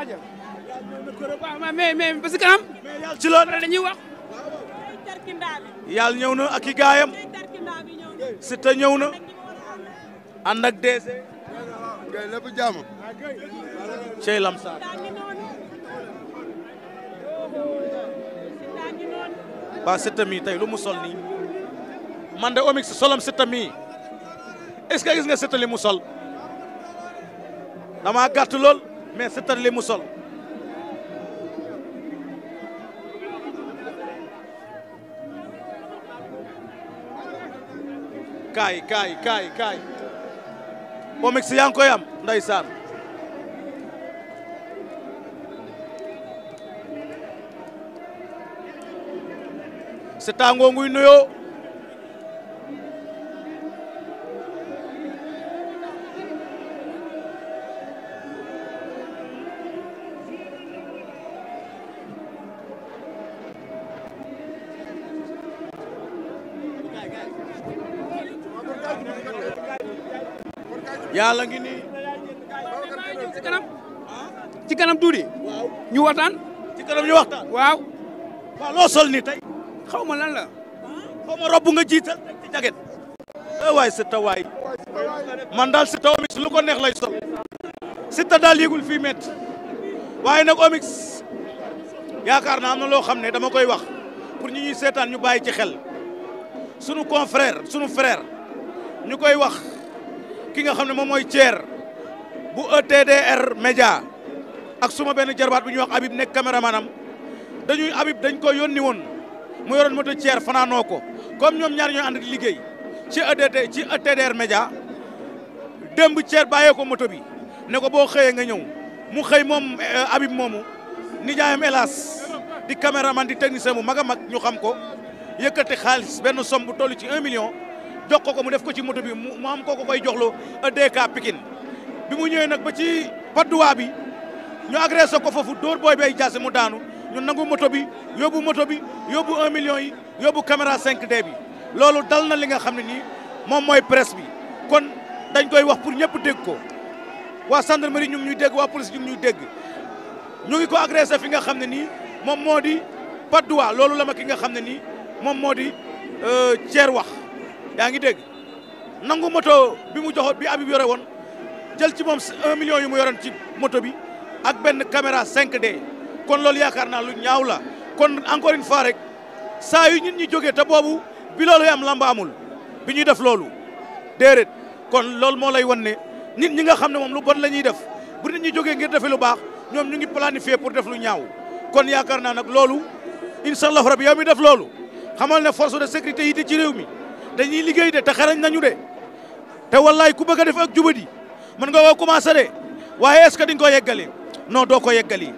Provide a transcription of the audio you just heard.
waaw mais mais parce que kanam. ci loolu dañuy wax. yàlla ñëw na ak i gaayam. Siteu ñëw na. ànd ak DC. ngay cey lamsa. waa Siteu mii tey lu mu sol nii. man de omix solom Siteu mii est-ce que gis nga Siteu li mu sol. dama gàtt lool. mais Siteu li mu sol kaay kaay kaay kaay Omix yaa ngi koy am ndeysaan Siteu ngoo nguy nuyoo yàlla ya, ngi nii. ci kanam. ci kanam tuuti. waaw ñu waxtaan. ci kanam ñu waxtaan. waaw. waaw loo sol nii tey. xaw ma lan la. xaw ma robb nga jiital teg ci jaget. waay Siteu waay. man daal Siteu Omix lu ko neex lay sol. Siteu daal yëgul fii métti. waaye nag Omix yaakaar naa am na loo xam dama koy wax pour ñi ñuy seetaan ñu bàyyi ci xel. sunu confrère sunu frère ñu koy wax ki nga xam ne moom mooy Thier bu ETDR Média ak suma benn jarbaat bu ñuy wax Habib nekk caméraman am dañuy Habib dañ ko yónni woon mu yoroon moto Thier fanaanoo ko comme ñoom ñaar ñooy ànd di liggéey ci ETD ci ETDR Média dëmb Thier bàyyee ko moto bi ne ko boo xëyee nga ñëw mu xëy moom euh, Habib moomu nijaayam hélas di caméraman di technicien bu mag a mag ñu xam ko yëkkati xaalis benn somme bu toll ci 1 million jox ko ko mu def ko ci moto bi mu am kooku koy joxloo e DK Pikine bi mu ñëwee nag ba ci padduwaa bi ñu agressé ko foofu dóor booy bay jaasi mu daanu ñu nangu moto bi yóbbu moto bi yóbbu 1 million yi yóbbu caméra 5D bi loolu dal na li nga xam ne nii moom mooy presse bi kon dañ koy wax pour ñëpp dégg ko waa gendarmerie ñu ngi ñuy dégg waa police ñu mu ñuy dégg ñu ngi ko agressé fi nga xam ne nii moom moo di padduwaa loolu la ma ki nga xam ne nii mom Modi di ceer euh, wax ya ngi deg nangu moto bi mu joxot bi Habib yore won jël ci mom 1 million yu mu ci moto bi ak kamera caméra 5D kon loolu yakarna lu ñaaw la kon encore une fois rek sa yu nit ñi joggé ta bobu bi loolu am lamba amul bi ñuy def loolu kon loolu mo lay wan nit ñi nga xamné mom lu bon lañuy def bu nit ñi joggé ngir def lu baax ñom ñu ngi planifier pour def lu ñaaw kon yakarna nak nag loolu incha allah def loolu xamal na force de sécurité yi te ci réew mi dañuy liggéey de te xarañ nañu de te wallaay ku bëgg a def ak jubadi mën nga koo commencé de waaye est-ce que ko yeggali noo doo ko yeggali